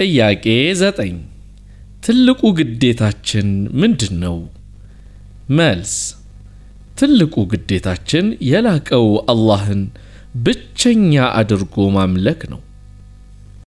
ጥያቄ ዘጠኝ ትልቁ ግዴታችን ምንድን ነው? መልስ ትልቁ ግዴታችን የላቀው አላህን ብቸኛ አድርጎ ማምለክ ነው።